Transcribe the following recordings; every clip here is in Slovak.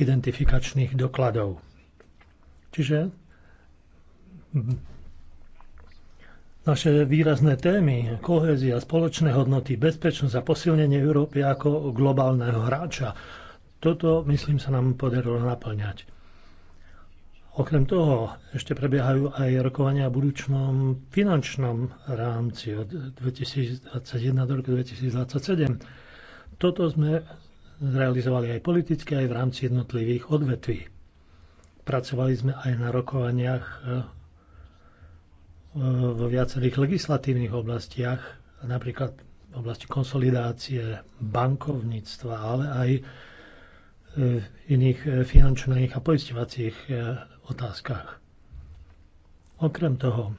identifikačných dokladov. Čiže naše výrazné témy, kohézia, spoločné hodnoty, bezpečnosť a posilnenie Európy ako globálneho hráča. Toto, myslím, sa nám podarilo naplňať. Okrem toho ešte prebiehajú aj rokovania o budúčnom finančnom rámci od 2021 do roku 2027. Toto sme zrealizovali aj politicky, aj v rámci jednotlivých odvetví. Pracovali sme aj na rokovaniach e, e, vo viacerých legislatívnych oblastiach, napríklad v oblasti konsolidácie bankovníctva, ale aj v e, iných finančných a poistovacích otázkach. Okrem toho,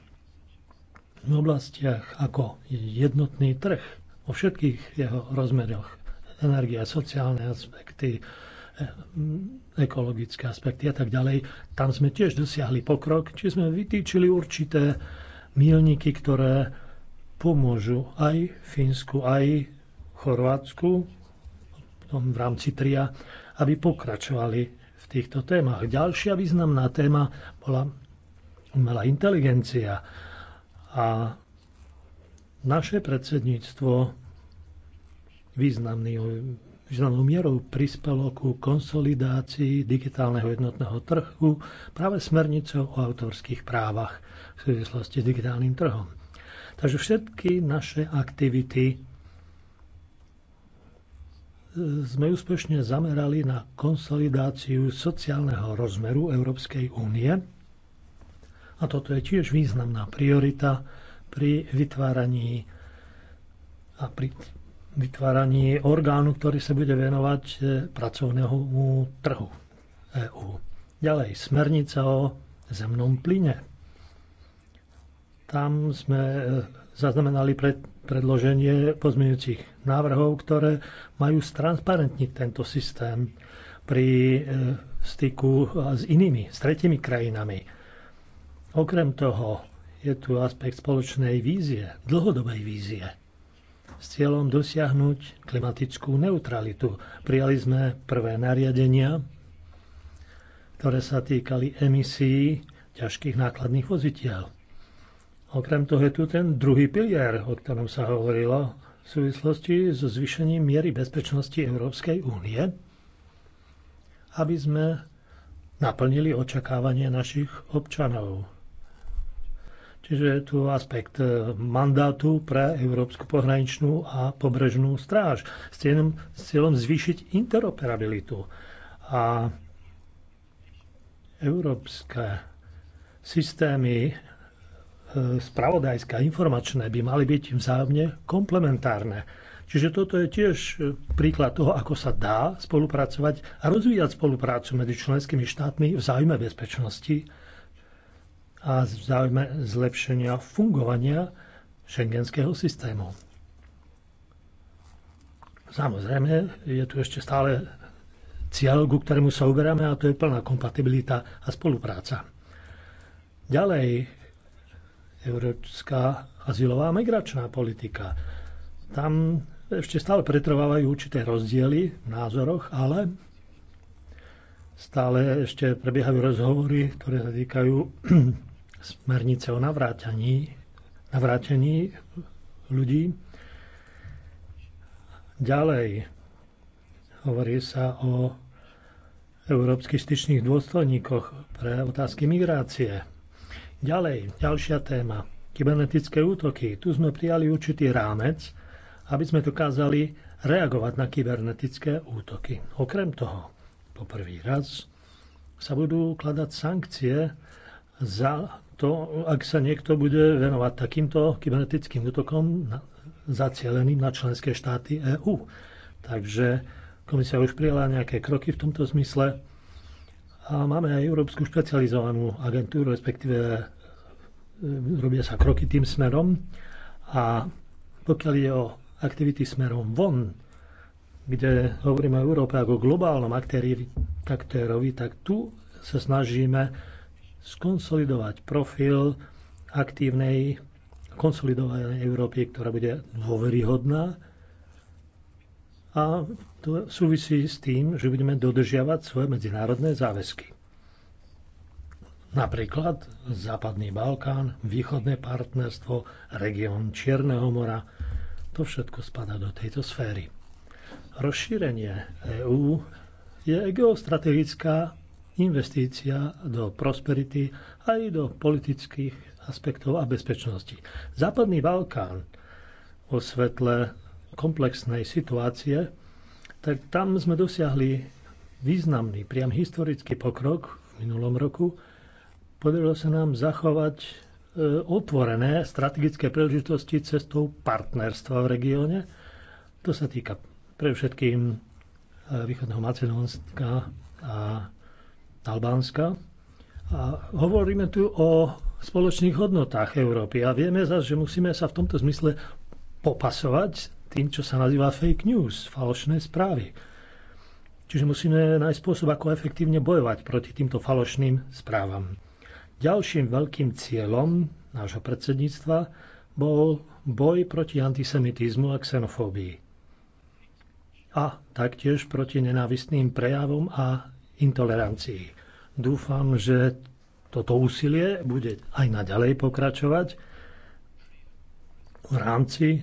v oblastiach ako jednotný trh vo všetkých jeho rozmeroch Energie, sociálne aspekty, e, ekologické aspekty a tak ďalej. Tam sme tiež dosiahli pokrok, či sme vytýčili určité milníky, ktoré pomôžu aj Fínsku, aj Chorvátsku v rámci TRIA, aby pokračovali v týchto témach. Ďalšia významná téma bola umelá inteligencia. A naše predsedníctvo významný, významnou mierou prispelo ku konsolidácii digitálneho jednotného trhu práve smernicou o autorských právach v súvislosti s digitálnym trhom. Takže všetky naše aktivity sme úspešne zamerali na konsolidáciu sociálneho rozmeru Európskej únie. A toto je tiež významná priorita pri vytváraní a pri vytváraní orgánu, ktorý sa bude venovať e, pracovnému trhu EÚ. Ďalej, smernica o zemnom plyne. Tam sme e, zaznamenali pred, predloženie pozmeňujúcich návrhov, ktoré majú stransparentniť tento systém pri e, styku s inými, s tretimi krajinami. Okrem toho je tu aspekt spoločnej vízie, dlhodobej vízie s cieľom dosiahnuť klimatickú neutralitu. Prijali sme prvé nariadenia, ktoré sa týkali emisí ťažkých nákladných vozitiel. Okrem toho je tu ten druhý pilier, o ktorom sa hovorilo v súvislosti so zvýšením miery bezpečnosti Európskej únie, aby sme naplnili očakávanie našich občanov. Čiže je tu aspekt e, mandátu pre Európsku pohraničnú a pobrežnú stráž s cieľom, s cieľom zvýšiť interoperabilitu. A európske systémy e, spravodajské a informačné by mali byť vzájomne komplementárne. Čiže toto je tiež e, príklad toho, ako sa dá spolupracovať a rozvíjať spoluprácu medzi členskými štátmi v záujme bezpečnosti a v záujme zlepšenia fungovania šengenského systému. Samozrejme, je tu ešte stále cieľ, ku ktorému sa uberáme a to je plná kompatibilita a spolupráca. Ďalej, európska azylová migračná politika. Tam ešte stále pretrvávajú určité rozdiely v názoroch, ale stále ešte prebiehajú rozhovory, ktoré sa týkajú smernice o navrátení, navrátení ľudí. Ďalej hovorí sa o európskych styčných dôstojníkoch pre otázky migrácie. Ďalej, ďalšia téma. Kybernetické útoky. Tu sme prijali určitý rámec, aby sme dokázali reagovať na kybernetické útoky. Okrem toho, po prvý raz sa budú kladať sankcie za to, ak sa niekto bude venovať takýmto kybernetickým útokom zacieleným na členské štáty EÚ. Takže komisia už prijala nejaké kroky v tomto zmysle a máme aj Európsku špecializovanú agentúru, respektíve e, robia sa kroky tým smerom a pokiaľ je o aktivity smerom von, kde hovoríme o Európe ako globálnom aktéri, rovi, tak tu sa snažíme skonsolidovať profil aktívnej, konsolidovanej Európy, ktorá bude dôveryhodná a to súvisí s tým, že budeme dodržiavať svoje medzinárodné záväzky. Napríklad Západný Balkán, Východné partnerstvo, región Čierneho mora. To všetko spadá do tejto sféry. Rozšírenie EÚ je geostrategická investícia do prosperity aj do politických aspektov a bezpečnosti. Západný Balkán vo svetle komplexnej situácie, tak tam sme dosiahli významný, priam historický pokrok v minulom roku. Podarilo sa nám zachovať e, otvorené strategické príležitosti cestou partnerstva v regióne. To sa týka pre všetkým e, východného Macedónska a Albánska. A hovoríme tu o spoločných hodnotách Európy a vieme zase, že musíme sa v tomto zmysle popasovať tým, čo sa nazýva fake news, falošné správy. Čiže musíme nájsť spôsob, ako efektívne bojovať proti týmto falošným správam. Ďalším veľkým cieľom nášho predsedníctva bol boj proti antisemitizmu a xenofóbii. A taktiež proti nenávistným prejavom a intolerancii. Dúfam, že toto úsilie bude aj naďalej pokračovať v rámci e,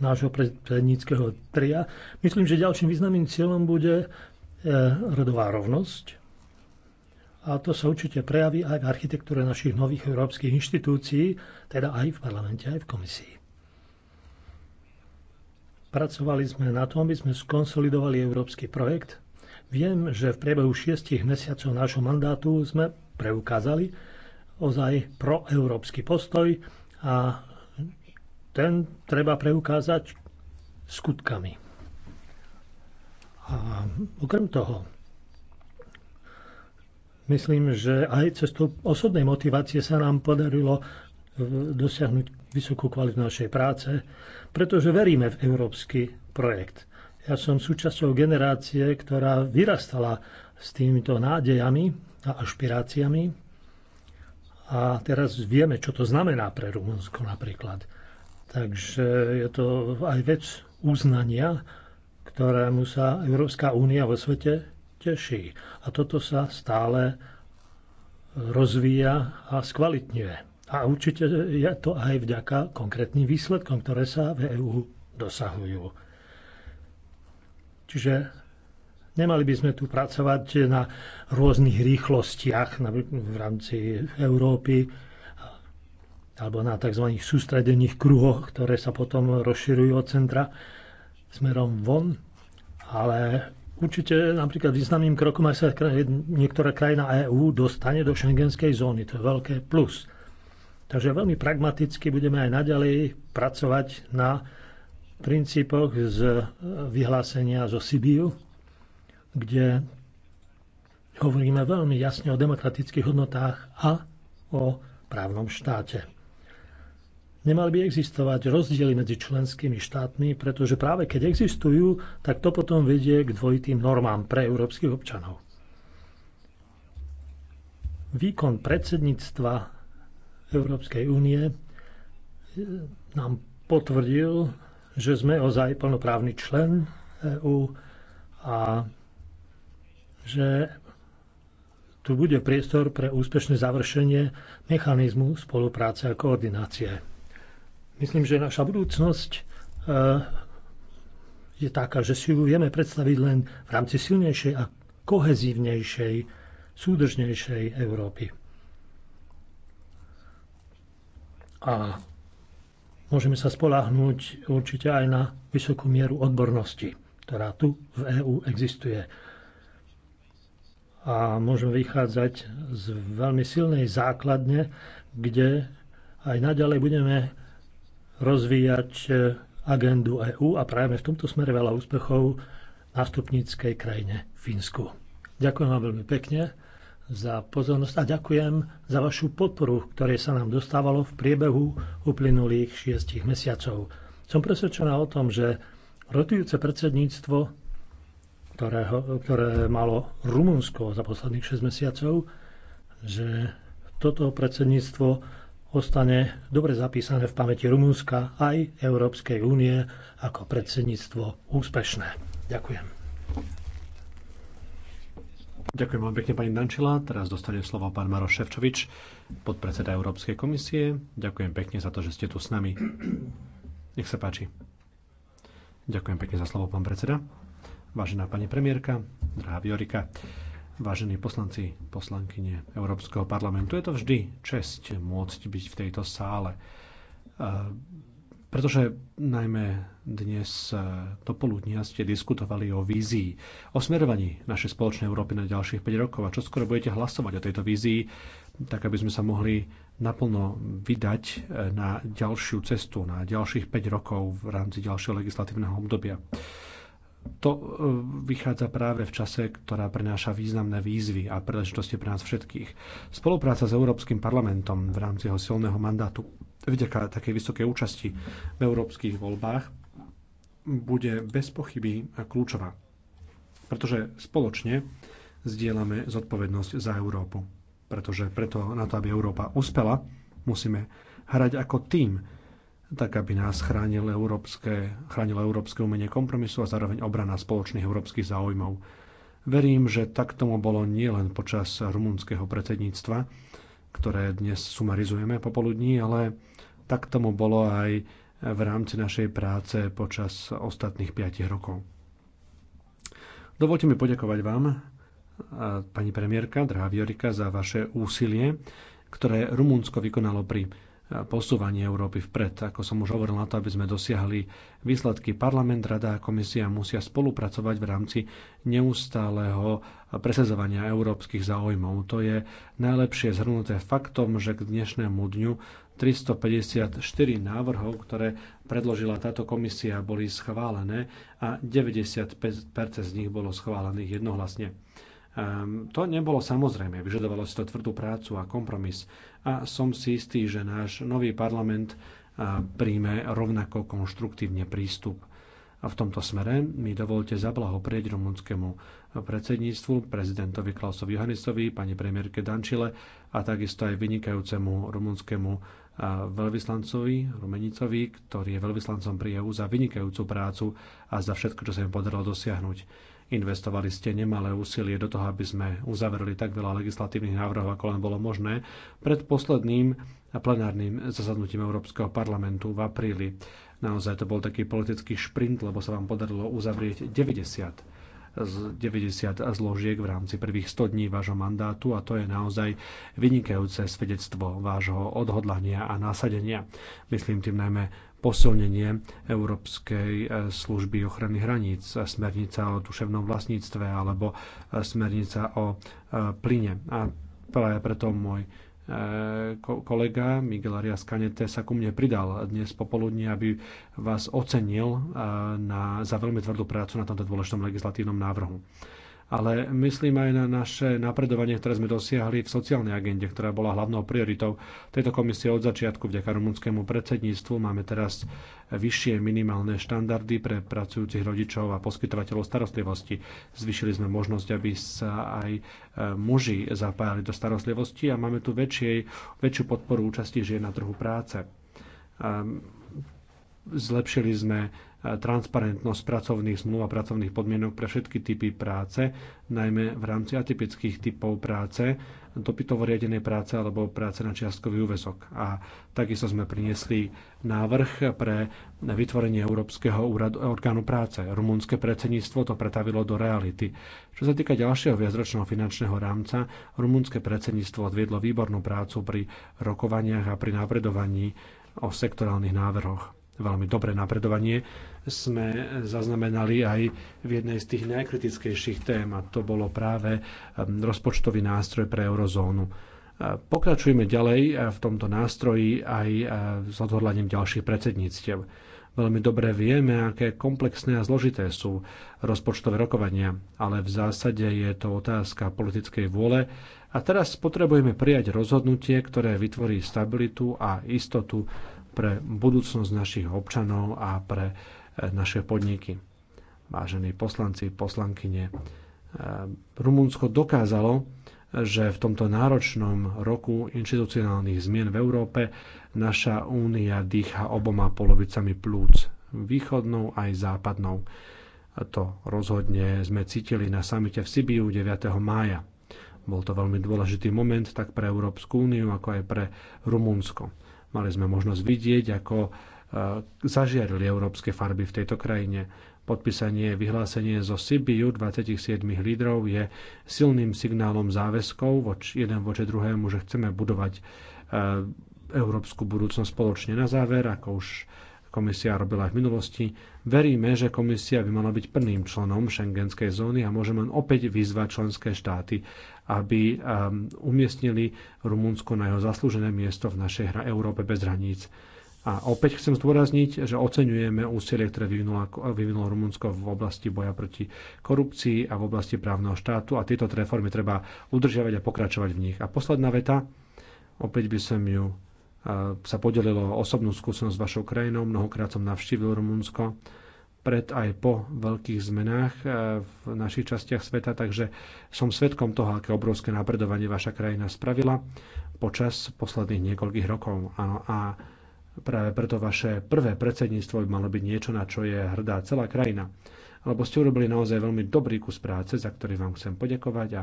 nášho predsedníckého tria. Myslím, že ďalším významným cieľom bude e, rodová rovnosť. A to sa určite prejaví aj v architektúre našich nových európskych inštitúcií, teda aj v parlamente, aj v komisii. Pracovali sme na tom, aby sme skonsolidovali európsky projekt Viem, že v priebehu šiestich mesiacov nášho mandátu sme preukázali ozaj proeurópsky postoj a ten treba preukázať skutkami. A okrem toho, myslím, že aj cestou osobnej motivácie sa nám podarilo dosiahnuť vysokú kvalitu našej práce, pretože veríme v európsky projekt. Ja som súčasťou generácie, ktorá vyrastala s týmito nádejami a ašpiráciami. A teraz vieme, čo to znamená pre Rumunsko napríklad. Takže je to aj vec uznania, ktorému sa Európska únia vo svete teší. A toto sa stále rozvíja a skvalitňuje. A určite je to aj vďaka konkrétnym výsledkom, ktoré sa v EÚ dosahujú. Čiže nemali by sme tu pracovať na rôznych rýchlostiach v rámci Európy alebo na tzv. sústredených kruhoch, ktoré sa potom rozširujú od centra smerom von. Ale určite napríklad významným krokom aj sa niektorá krajina EÚ dostane do šengenskej zóny. To je veľké plus. Takže veľmi pragmaticky budeme aj naďalej pracovať na princípoch z e, vyhlásenia zo Sibiu, kde hovoríme veľmi jasne o demokratických hodnotách a o právnom štáte. Nemal by existovať rozdiely medzi členskými štátmi, pretože práve keď existujú, tak to potom vedie k dvojitým normám pre európskych občanov. Výkon predsedníctva Európskej únie e, nám potvrdil že sme ozaj plnoprávny člen EÚ a že tu bude priestor pre úspešné završenie mechanizmu spolupráce a koordinácie. Myslím, že naša budúcnosť e, je taká, že si ju vieme predstaviť len v rámci silnejšej a kohezívnejšej, súdržnejšej Európy. A môžeme sa spolahnúť určite aj na vysokú mieru odbornosti, ktorá tu v EÚ existuje. A môžeme vychádzať z veľmi silnej základne, kde aj naďalej budeme rozvíjať agendu EÚ a prajeme v tomto smere veľa úspechov nástupníckej krajine Fínsku. Ďakujem vám veľmi pekne za pozornosť a ďakujem za vašu podporu, ktoré sa nám dostávalo v priebehu uplynulých šiestich mesiacov. Som presvedčená o tom, že rotujúce predsedníctvo, ktoré, ktoré malo Rumunsko za posledných 6 mesiacov, že toto predsedníctvo ostane dobre zapísané v pamäti Rumunska aj Európskej únie ako predsedníctvo úspešné. Ďakujem. Ďakujem vám pekne pani Dančila. Teraz dostane slovo pán Maroš Ševčovič, podpredseda Európskej komisie. Ďakujem pekne za to, že ste tu s nami. Nech sa páči. Ďakujem pekne za slovo, pán predseda. Vážená pani premiérka, drahá Viorika, vážení poslanci, poslankyne Európskeho parlamentu, je to vždy česť môcť byť v tejto sále pretože najmä dnes do eh, poludnia ste diskutovali o vízii, o smerovaní našej spoločnej Európy na ďalších 5 rokov a čo skoro budete hlasovať o tejto vízii, tak aby sme sa mohli naplno vydať eh, na ďalšiu cestu, na ďalších 5 rokov v rámci ďalšieho legislatívneho obdobia. To eh, vychádza práve v čase, ktorá prenáša významné výzvy a príležitosti pre nás všetkých. Spolupráca s Európskym parlamentom v rámci jeho silného mandátu vďaka takej vysokej účasti v európskych voľbách bude bez pochyby kľúčová. Pretože spoločne zdieľame zodpovednosť za Európu. Pretože preto na to, aby Európa uspela, musíme hrať ako tým, tak aby nás chránil európske, chránilo európske umenie kompromisu a zároveň obrana spoločných európskych záujmov. Verím, že tak tomu bolo nielen počas rumunského predsedníctva, ktoré dnes sumarizujeme popoludní, ale tak tomu bolo aj v rámci našej práce počas ostatných 5 rokov. Dovolte mi poďakovať vám, pani premiérka, drahá Viorika, za vaše úsilie, ktoré Rumunsko vykonalo pri posúvanie Európy vpred. Ako som už hovoril na to, aby sme dosiahli výsledky, parlament, rada a komisia musia spolupracovať v rámci neustáleho presadzovania európskych záujmov. To je najlepšie zhrnuté faktom, že k dnešnému dňu 354 návrhov, ktoré predložila táto komisia, boli schválené a 95% z nich bolo schválených jednohlasne. Ehm, to nebolo samozrejme, vyžadovalo si to tvrdú prácu a kompromis. A som si istý, že náš nový parlament ehm, príjme rovnako konštruktívne prístup. A v tomto smere mi dovolte zablahoprieť rumunskému predsedníctvu, prezidentovi Klausovi Johannisovi, pani premiérke Dančile a takisto aj vynikajúcemu rumunskému ehm, veľvyslancovi Rumenicovi, ktorý je veľvyslancom pri EU za vynikajúcu prácu a za všetko, čo sa im podarilo dosiahnuť. Investovali ste nemalé úsilie do toho, aby sme uzavreli tak veľa legislatívnych návrhov, ako len bolo možné, pred posledným plenárnym zasadnutím Európskeho parlamentu v apríli. Naozaj to bol taký politický šprint, lebo sa vám podarilo uzavrieť 90 z 90 zložiek v rámci prvých 100 dní vášho mandátu a to je naozaj vynikajúce svedectvo vášho odhodlania a násadenia. Myslím tým najmä posilnenie Európskej eh, služby ochrany hraníc, eh, smernica o duševnom vlastníctve alebo eh, smernica o plyne. A práve preto môj kolega Miguel Arias Canete sa ku mne pridal dnes popoludne, aby vás ocenil na, za veľmi tvrdú prácu na tomto dôležitom legislatívnom návrhu ale myslím aj na naše napredovanie, ktoré sme dosiahli v sociálnej agende, ktorá bola hlavnou prioritou tejto komisie od začiatku vďaka rumunskému predsedníctvu. Máme teraz vyššie minimálne štandardy pre pracujúcich rodičov a poskytovateľov starostlivosti. Zvyšili sme možnosť, aby sa aj e, muži zapájali do starostlivosti a máme tu väčšie, väčšiu podporu účasti žien na trhu práce. Zlepšili sme e, transparentnosť pracovných zmluv a pracovných podmienok pre všetky typy práce, najmä v rámci atypických typov práce, dopytovo riadenej práce alebo práce na čiastkový úvezok. A takisto sme priniesli návrh pre vytvorenie Európskeho úradu, orgánu práce. Rumunské predsedníctvo to pretavilo do reality. Čo sa týka ďalšieho viacročného finančného rámca, rumunské predsedníctvo odviedlo výbornú prácu pri rokovaniach a pri napredovaní o sektorálnych návrhoch veľmi dobré napredovanie sme zaznamenali aj v jednej z tých najkritickejších tém a to bolo práve um, rozpočtový nástroj pre eurozónu. Pokračujeme ďalej v tomto nástroji aj s odhodlaním ďalších predsedníctiev. Veľmi dobre vieme, aké komplexné a zložité sú rozpočtové rokovania, ale v zásade je to otázka politickej vôle a teraz potrebujeme prijať rozhodnutie, ktoré vytvorí stabilitu a istotu pre budúcnosť našich občanov a pre e, naše podniky. Vážení poslanci, poslankyne, e, Rumunsko dokázalo, že v tomto náročnom roku inštitucionálnych zmien v Európe naša únia dýcha oboma polovicami plúc, východnou aj západnou. To rozhodne sme cítili na samite v Sibiu 9. mája. Bol to veľmi dôležitý moment tak pre Európsku úniu, ako aj pre Rumunsko. Mali sme možnosť vidieť, ako e, zažiarili európske farby v tejto krajine. Podpísanie vyhlásenie zo Sibiu 27 lídrov je silným signálom záväzkov voč, jeden voči druhému, že chceme budovať e, európsku budúcnosť spoločne. Na záver, ako už komisia robila aj v minulosti, veríme, že komisia by mala byť prvým členom šengenskej zóny a môžeme len opäť vyzvať členské štáty, aby ehm, umiestnili Rumunsko na jeho zaslúžené miesto v našej hra Európe bez hraníc. A opäť chcem zdôrazniť, že oceňujeme úsilie, ktoré vyvinulo, vyvinulo Rumunsko v oblasti boja proti korupcii a v oblasti právneho štátu a tieto reformy treba udržiavať a pokračovať v nich. A posledná veta, opäť by som ju eh, sa podelilo osobnú skúsenosť s vašou krajinou, mnohokrát som navštívil Rumunsko pred aj po veľkých zmenách e, v našich častiach sveta, takže som svetkom toho, aké obrovské napredovanie vaša krajina spravila počas posledných niekoľkých rokov. Áno, a práve preto vaše prvé predsedníctvo by malo byť niečo, na čo je hrdá celá krajina. Lebo ste urobili naozaj veľmi dobrý kus práce, za ktorý vám chcem poďakovať a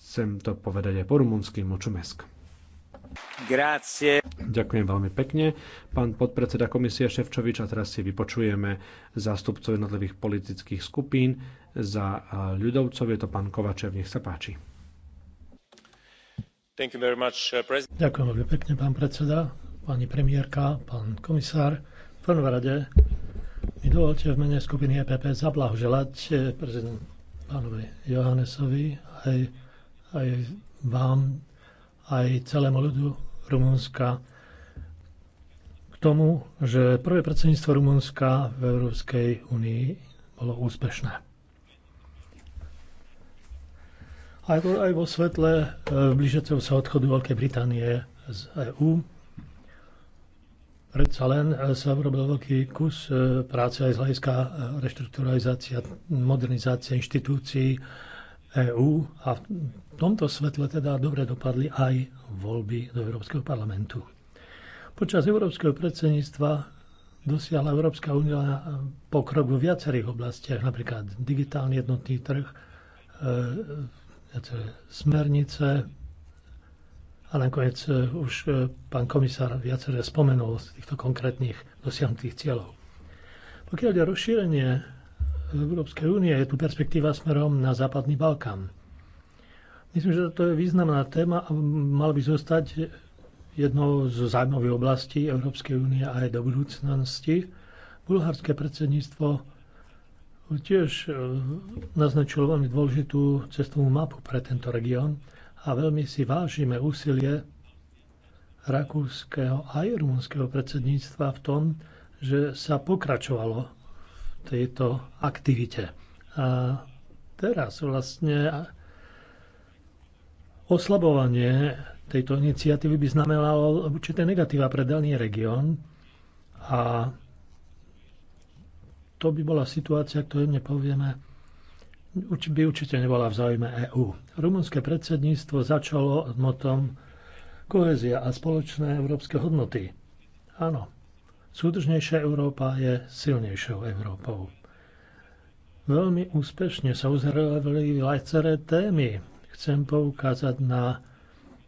chcem to povedať aj po rumunsky Močumesk. Ďakujem veľmi pekne. Pán podpredseda komisie Ševčovič, a teraz si vypočujeme zástupcov jednotlivých politických skupín. Za ľudovcov je to pán Kovačev, nech sa páči. Much, uh, Ďakujem veľmi pekne, pán predseda, pani premiérka, pán komisár. V prvom rade mi dovolte v mene skupiny EPP zablahoželať eh, prezident pánovi Johannesovi aj, aj vám aj celému ľudu Rumunska k tomu, že prvé predsedníctvo Rumunska v Európskej únii bolo úspešné. Aj, aj vo svetle e, blížiaceho sa odchodu Veľkej Británie z EÚ Predsa len e, sa urobil veľký kus e, práce aj z hľadiska reštrukturalizácia, modernizácia inštitúcií, EÚ a v tomto svetle teda dobre dopadli aj voľby do Európskeho parlamentu. Počas európskeho predsedníctva dosiahla Európska únia pokrok vo viacerých oblastiach, napríklad digitálny jednotný trh, e, viaceré smernice a nakoniec e, už e, pán komisár viaceré spomenul z týchto konkrétnych dosiahnutých cieľov. Pokiaľ je rozšírenie Európskej únie. Je tu perspektíva smerom na Západný Balkán. Myslím, že to je významná téma a mal by zostať jednou z zájmových oblastí Európskej únie aj do budúcnosti. Bulharské predsedníctvo tiež e, naznačilo veľmi dôležitú cestovnú mapu pre tento región a veľmi si vážime úsilie rakúskeho aj rumunského predsedníctva v tom, že sa pokračovalo tejto aktivite. A teraz vlastne oslabovanie tejto iniciatívy by znamenalo určité negatíva pre daný región a to by bola situácia, ktorú nepovieme, by určite nebola v záujme EÚ. Rumunské predsedníctvo začalo motom kohezia a spoločné európske hodnoty. Áno, Súdržnejšia Európa je silnejšou Európou. Veľmi úspešne sa uzrelevali lajceré témy. Chcem poukázať na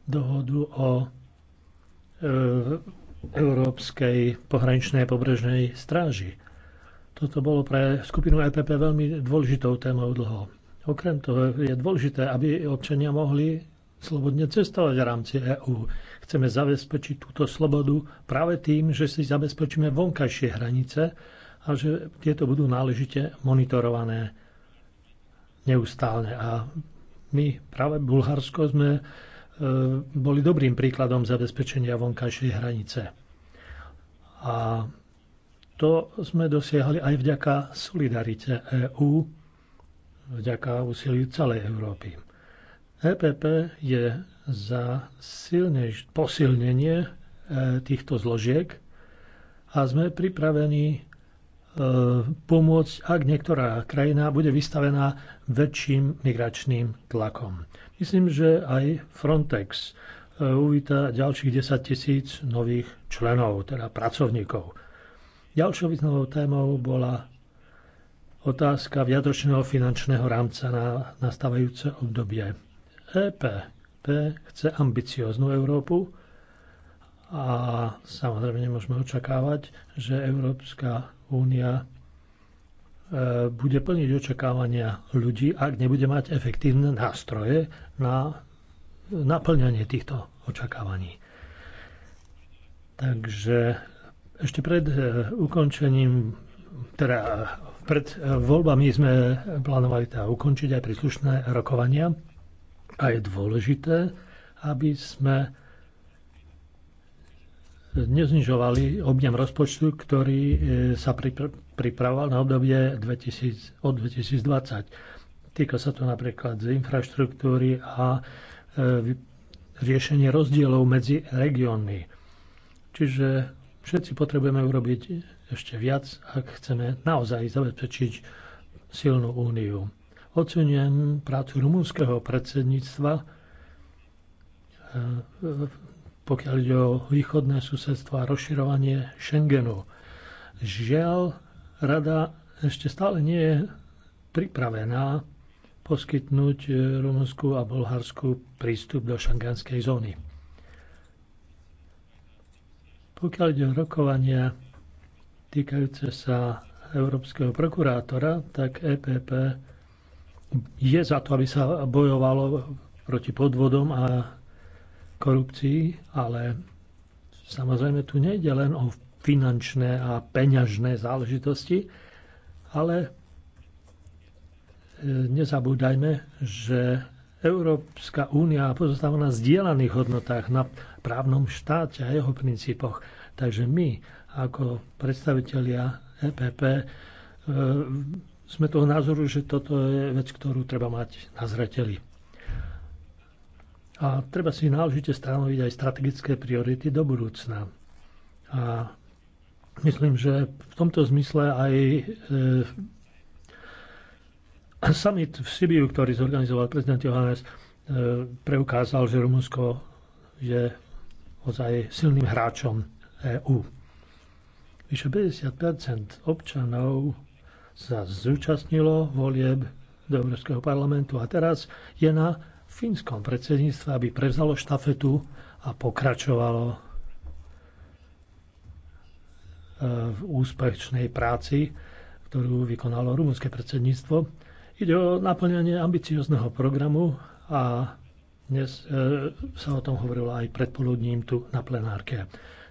dohodu o e, Európskej pohraničnej pobrežnej stráži. Toto bolo pre skupinu EPP veľmi dôležitou témou dlho. Okrem toho je dôležité, aby občania mohli slobodne cestovať v rámci EÚ Chceme zabezpečiť túto slobodu práve tým, že si zabezpečíme vonkajšie hranice a že tieto budú náležite monitorované neustále. A my práve Bulharsko sme e, boli dobrým príkladom zabezpečenia vonkajšej hranice. A to sme dosiahli aj vďaka solidarite EÚ, vďaka úsiliu celej Európy. EPP je za silnejš- posilnenie e, týchto zložiek a sme pripravení e, pomôcť, ak niektorá krajina bude vystavená väčším migračným tlakom. Myslím, že aj Frontex e, uvíta ďalších 10 tisíc nových členov, teda pracovníkov. Ďalšou významnou témou bola otázka viadročného finančného rámca na nastávajúce obdobie. EPP chce ambicióznu Európu a samozrejme nemôžeme očakávať, že Európska únia e, bude plniť očakávania ľudí, ak nebude mať efektívne nástroje na naplňanie týchto očakávaní. Takže ešte pred e, ukončením, teda pred e, voľbami sme plánovali teda ukončiť aj príslušné rokovania a je dôležité, aby sme neznižovali objem rozpočtu, ktorý e, sa pripravoval na obdobie 2000, od 2020. Týka sa to napríklad z infraštruktúry a e, riešenie rozdielov medzi regiónmi. Čiže všetci potrebujeme urobiť ešte viac, ak chceme naozaj zabezpečiť silnú úniu ocenujem prácu rumúnskeho predsedníctva, e, pokiaľ ide o východné susedstvo a rozširovanie Schengenu. Žiaľ, rada ešte stále nie je pripravená poskytnúť e, Rumunsku a Bulharsku prístup do šengenskej zóny. Pokiaľ ide o rokovania týkajúce sa európskeho prokurátora, tak EPP je za to, aby sa bojovalo proti podvodom a korupcii, ale samozrejme tu nejde len o finančné a peňažné záležitosti, ale e, nezabúdajme, že Európska únia pozostáva na zdieľaných hodnotách, na právnom štáte a jeho princípoch. Takže my, ako predstavitelia EPP, sme toho názoru, že toto je vec, ktorú treba mať na zreteli. A treba si náležite stanoviť aj strategické priority do budúcna. A myslím, že v tomto zmysle aj e, summit v Sibiu, ktorý zorganizoval prezident Johannes, e, preukázal, že Rumunsko je ozaj silným hráčom EÚ. Vyše 50 občanov sa zúčastnilo volieb do Európskeho parlamentu a teraz je na fínskom predsedníctve, aby prevzalo štafetu a pokračovalo e, v úspešnej práci, ktorú vykonalo rumúnske predsedníctvo. Ide o naplňanie ambiciozného programu a dnes e, sa o tom hovorilo aj predpoludním tu na plenárke.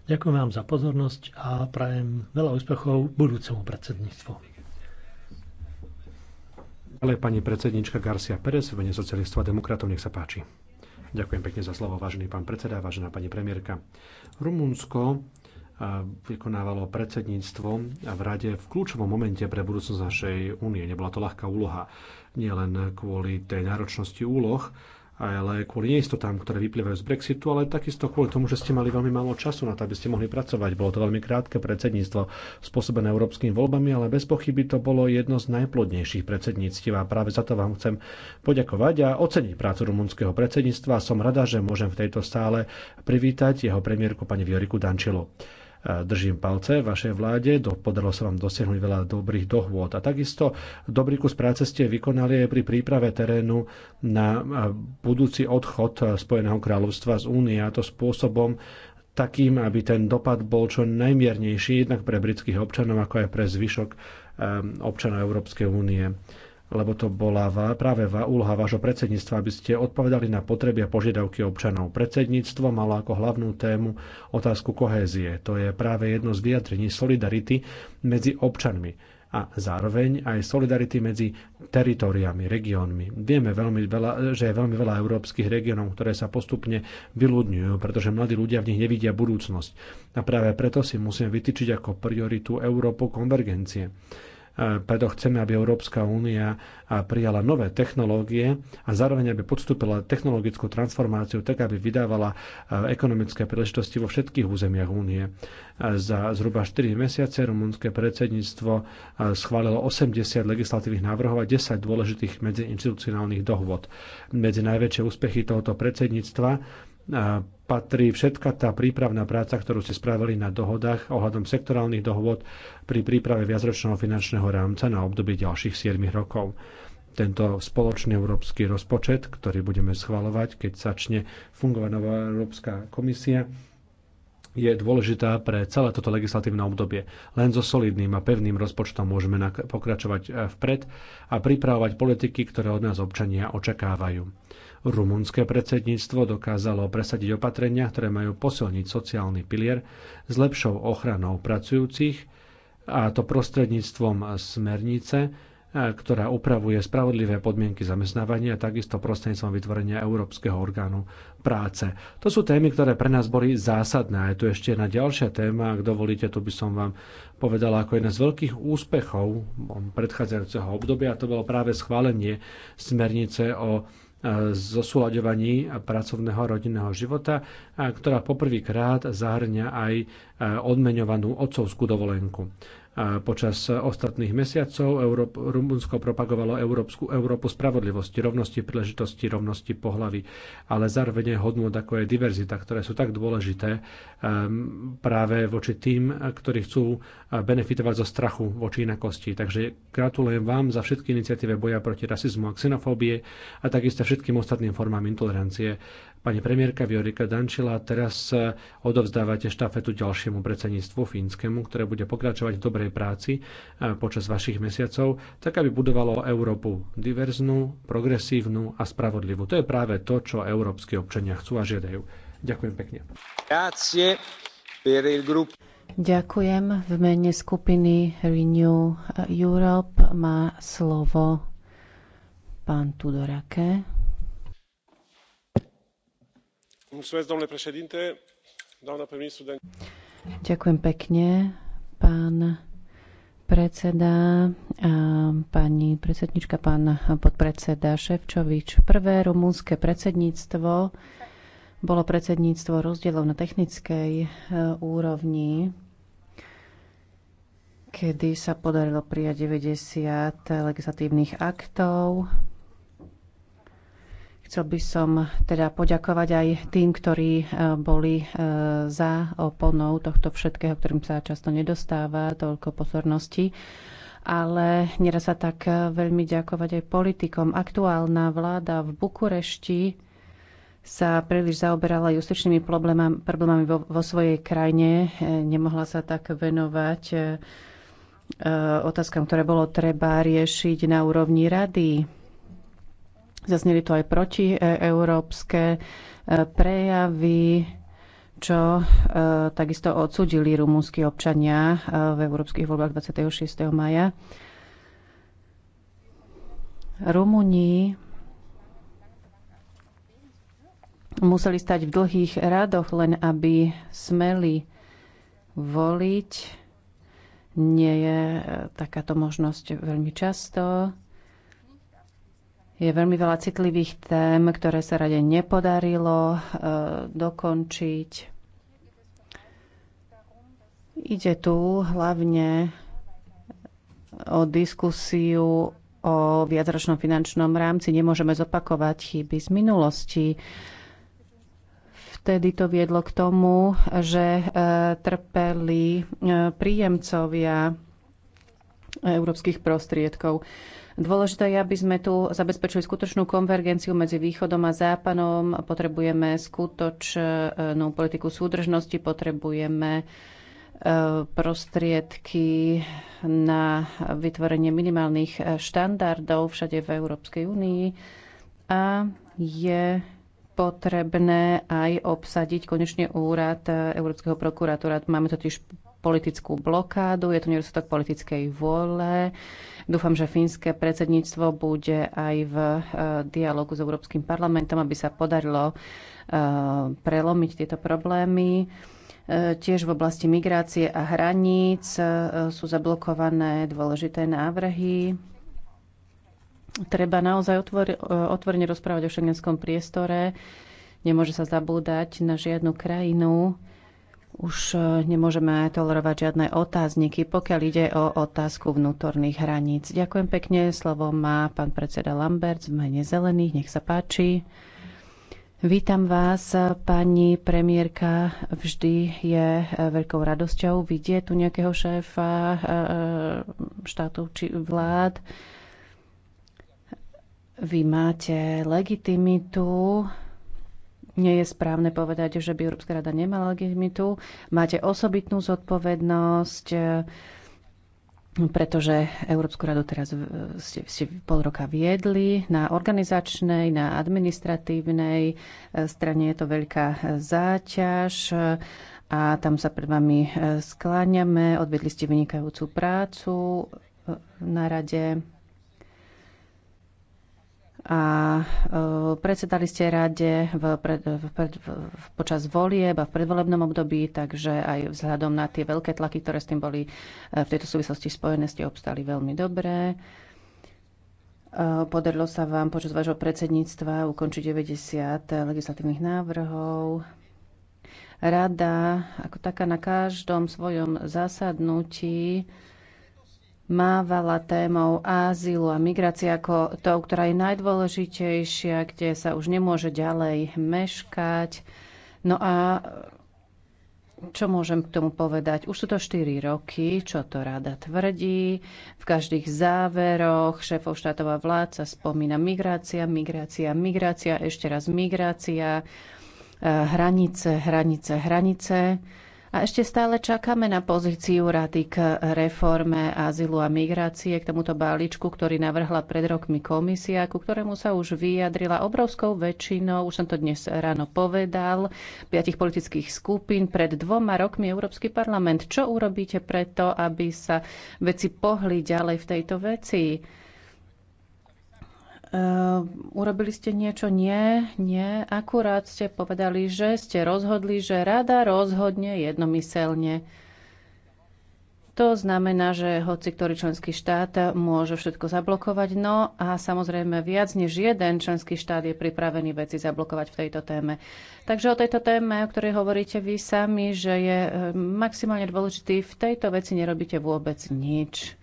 Ďakujem vám za pozornosť a prajem veľa úspechov budúcemu predsedníctvu ale pani predsednička Garcia Perez v mene socialistov a demokratov, nech sa páči. Ďakujem pekne za slovo, vážený pán predseda, vážená pani premiérka. Rumunsko vykonávalo predsedníctvo v rade v kľúčovom momente pre budúcnosť našej únie. Nebola to ľahká úloha, nielen kvôli tej náročnosti úloh, ale kvôli neistotám, ktoré vyplývajú z Brexitu, ale takisto kvôli tomu, že ste mali veľmi málo času na to, aby ste mohli pracovať. Bolo to veľmi krátke predsedníctvo spôsobené európskymi voľbami, ale bez pochyby to bolo jedno z najplodnejších predsedníctiev a práve za to vám chcem poďakovať a oceniť prácu rumunského predsedníctva. Som rada, že môžem v tejto sále privítať jeho premiérku pani Vioriku Dančilu. Držím palce vašej vláde, podarilo sa vám dosiahnuť veľa dobrých dohôd. A takisto dobrý kus práce ste vykonali aj pri príprave terénu na budúci odchod Spojeného kráľovstva z únie a to spôsobom, takým, aby ten dopad bol čo najmiernejší jednak pre britských občanov, ako aj pre zvyšok občanov Európskej únie lebo to bola práve úloha vášho predsedníctva, aby ste odpovedali na potreby a požiadavky občanov. Predsedníctvo malo ako hlavnú tému otázku kohézie. To je práve jedno z vyjadrení solidarity medzi občanmi a zároveň aj solidarity medzi teritóriami, regiónmi. Vieme veľmi veľa, že je veľmi veľa európskych regiónov, ktoré sa postupne vyľudňujú, pretože mladí ľudia v nich nevidia budúcnosť. A práve preto si musíme vytýčiť ako prioritu Európu konvergencie preto chceme, aby Európska únia prijala nové technológie a zároveň aby podstúpila technologickú transformáciu tak, aby vydávala e, ekonomické príležitosti vo všetkých územiach únie. Za zhruba 4 mesiace rumunské predsedníctvo e, schválilo 80 legislatívnych návrhov a 10 dôležitých medziinstitucionálnych dohôd. Medzi najväčšie úspechy tohoto predsedníctva patrí všetka tá prípravná práca, ktorú ste spravili na dohodách ohľadom sektorálnych dohôd pri príprave viacročného finančného rámca na obdobie ďalších 7 rokov. Tento spoločný európsky rozpočet, ktorý budeme schvalovať, keď začne fungovať nová Európska komisia, je dôležitá pre celé toto legislatívne obdobie. Len so solidným a pevným rozpočtom môžeme pokračovať eh, vpred a pripravovať politiky, ktoré od nás občania očakávajú. Rumunské predsedníctvo dokázalo presadiť opatrenia, ktoré majú posilniť sociálny pilier s lepšou ochranou pracujúcich a to prostredníctvom smernice, e, ktorá upravuje spravodlivé podmienky zamestnávania a takisto prostredníctvom vytvorenia Európskeho orgánu práce. To sú témy, ktoré pre nás boli zásadné. A je tu ešte jedna ďalšia téma, ak dovolíte, tu by som vám povedala ako jeden z veľkých úspechov predchádzajúceho obdobia, a to bolo práve schválenie smernice o zosúľaďovaní pracovného a rodinného života, ktorá poprvýkrát zahrňa aj e, odmeňovanú otcovskú dovolenku. A počas ostatných mesiacov Európ, Rumunsko propagovalo Európsku Európu spravodlivosti, rovnosti príležitosti, rovnosti pohlavy, ale zároveň hodnot ako je diverzita, ktoré sú tak dôležité ehm, práve voči tým, ktorí chcú eh, benefitovať zo strachu voči inakosti. Takže gratulujem vám za všetky iniciatíve boja proti rasizmu a xenofóbie a takisto všetkým ostatným formám intolerancie. Pani premiérka Viorika Dančila, teraz eh, odovzdávate štafetu ďalšiemu predsedníctvu fínskemu, ktoré bude pokračovať v dobrej dobrej práci e, počas vašich mesiacov, tak aby budovalo Európu diverznú, progresívnu a spravodlivú. To je práve to, čo európsky občania chcú a žiadajú. Ďakujem pekne. Ďakujem. V mene skupiny Renew Europe má slovo pán Tudorake. Ďakujem pekne, pán predseda, pani predsednička, pán podpredseda Ševčovič. Prvé rumúnske predsedníctvo bolo predsedníctvo rozdielov na technickej e, úrovni, kedy sa podarilo prijať 90 legislatívnych aktov, Chcel by som teda poďakovať aj tým, ktorí e, boli e, za oponou tohto všetkého, ktorým sa často nedostáva toľko pozornosti. Ale nedá sa tak e, veľmi ďakovať aj politikom. Aktuálna vláda v Bukurešti sa príliš zaoberala justičnými problémami, problémami vo, vo svojej krajine. Nemohla sa tak venovať otázkam, ktoré bolo treba riešiť na úrovni rady Zazneli to aj protieurópske e, prejavy, čo e, takisto odsudili rumúnsky občania e, v európskych voľbách 26. maja. Rumúni museli stať v dlhých radoch, len aby smeli voliť. Nie je takáto možnosť veľmi často. Je veľmi veľa citlivých tém, ktoré sa rade nepodarilo e, dokončiť. Ide tu hlavne o diskusiu o viacročnom finančnom rámci. Nemôžeme zopakovať chyby z minulosti vtedy to viedlo k tomu, že e, trpeli e, príjemcovia európskych prostriedkov. Dôležité je, aby sme tu zabezpečili skutočnú konvergenciu medzi východom a západom. Potrebujeme skutočnú politiku súdržnosti, potrebujeme e, prostriedky na vytvorenie minimálnych štandardov všade v Európskej únii a je potrebné aj obsadiť konečne úrad Európskeho prokurátora. Máme totiž politickú blokádu, je to nedostatok politickej vôle. Dúfam, že fínske predsedníctvo bude aj v e, dialogu s Európskym parlamentom, aby sa podarilo e, prelomiť tieto problémy. E, tiež v oblasti migrácie a hraníc sú zablokované dôležité návrhy. Treba naozaj otvorene rozprávať o šengenskom priestore. Nemôže sa zabúdať na žiadnu krajinu, už e, nemôžeme tolerovať žiadne otázniky, pokiaľ ide o otázku vnútorných hraníc. Ďakujem pekne. Slovo má pán predseda Lambert z mene Zelených. Nech sa páči. Vítam vás, pani premiérka. Vždy je e, veľkou radosťou vidieť tu nejakého šéfa e, štátov či vlád. Vy máte legitimitu nie je správne povedať, že by Európska rada nemala legitimitu. Máte osobitnú zodpovednosť, pretože Európsku radu teraz ste, ste pol roka viedli. Na organizačnej, na administratívnej e, strane je to veľká záťaž e, a tam sa pred vami e, skláňame. Odvedli ste vynikajúcu prácu na rade a e, predsedali ste rade v pred, v pred, v, počas volieb a v predvolebnom období, takže aj vzhľadom na tie veľké tlaky, ktoré s tým boli e, v tejto súvislosti spojené, ste obstali veľmi dobre. E, podarilo sa vám počas vášho predsedníctva ukončiť 90 legislatívnych návrhov. Rada ako taká na každom svojom zasadnutí mávala témou azylu a migrácia ako tou, ktorá je najdôležitejšia, kde sa už nemôže ďalej meškať. No a čo môžem k tomu povedať? Už sú to 4 roky, čo to rada tvrdí. V každých záveroch šéfov štátov a vlád sa spomína migrácia, migrácia, migrácia, ešte raz migrácia, eh, hranice, hranice, hranice. A ešte stále čakáme na pozíciu rady k reforme azylu a migrácie, k tomuto balíčku, ktorý navrhla pred rokmi komisia, ku ktorému sa už vyjadrila obrovskou väčšinou, už som to dnes ráno povedal, piatich politických skupín pred dvoma rokmi Európsky parlament. Čo urobíte preto, aby sa veci pohli ďalej v tejto veci? Eh, urobili ste niečo? Nie, nie. Akurát ste povedali, že ste rozhodli, že rada rozhodne jednomyselne. To znamená, že hoci ktorý členský štát môže všetko zablokovať, no a samozrejme viac než jeden členský štát je pripravený veci zablokovať v tejto téme. Takže o tejto téme, o ktorej hovoríte vy sami, že je eh, maximálne dôležitý, v tejto veci nerobíte vôbec nič.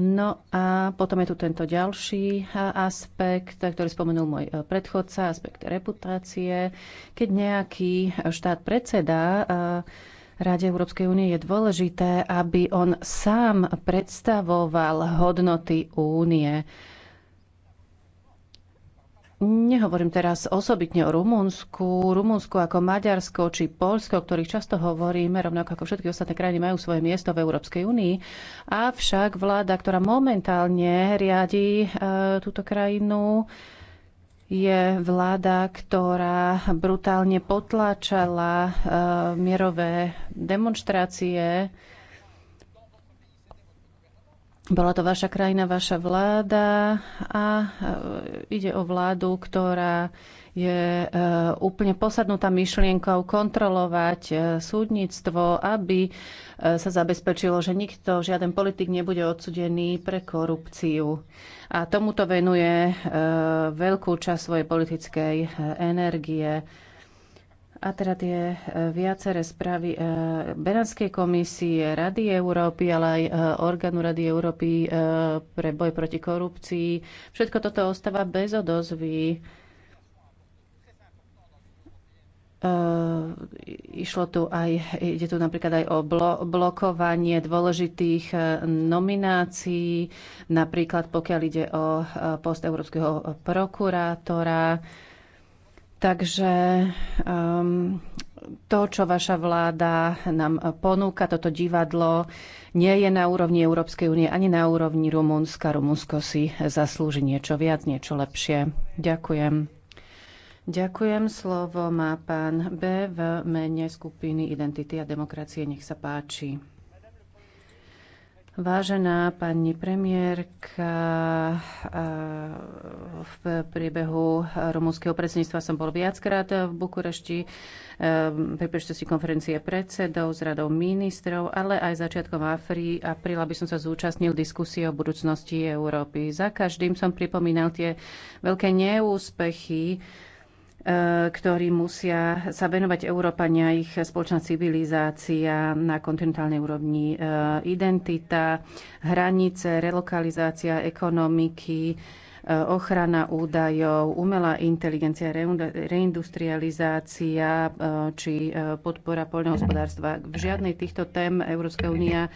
No a potom je tu tento ďalší aspekt, ktorý spomenul môj e, predchodca, aspekt reputácie. Keď nejaký štát predseda e, Rade Európskej únie je dôležité, aby on sám predstavoval hodnoty únie Nehovorím teraz osobitne o Rumunsku. Rumunsku ako Maďarsko či Polsko, o ktorých často hovoríme, rovnako ako všetky ostatné krajiny majú svoje miesto v Európskej únii. Avšak vláda, ktorá momentálne riadi e, túto krajinu, je vláda, ktorá brutálne potláčala e, mierové demonstrácie bola to vaša krajina, vaša vláda a e, ide o vládu, ktorá je e, úplne posadnutá myšlienkou kontrolovať e, súdnictvo, aby sa zabezpečilo, že nikto, žiaden politik nebude odsudený pre korupciu. A tomuto venuje veľkú časť svojej politickej energie. A teda tie e, viaceré správy e, Benátskej komisie, Rady Európy, ale aj e, orgánu Rady Európy pre boj proti korupcii. Všetko toto ostáva bez odozvy. išlo tu aj, ide tu napríklad aj o blokovanie dôležitých nominácií, napríklad pokiaľ ide o post európskeho prokurátora. Takže um, to, čo vaša vláda nám ponúka, toto divadlo, nie je na úrovni Európskej únie ani na úrovni Rumunska. Rumunsko si zaslúži niečo viac, niečo lepšie. Ďakujem. Ďakujem. Slovo má pán B v mene skupiny Identity a demokracie. Nech sa páči. Vážená pani premiérka, eh, v priebehu rumúnskeho predsedníctva som bol viackrát v Bukurešti eh, pripečte si konferencie predsedov s radou ministrov, ale aj začiatkom Afri, apríla by som sa zúčastnil diskusie o budúcnosti Európy. Za každým som pripomínal tie veľké neúspechy, ktorí musia sa venovať Európania, ich spoločná civilizácia na kontinentálnej úrovni, e, identita, hranice, relokalizácia ekonomiky, e, ochrana údajov, umelá inteligencia, reindustrializácia e, či podpora poľnohospodárstva. V žiadnej týchto tém Európska únia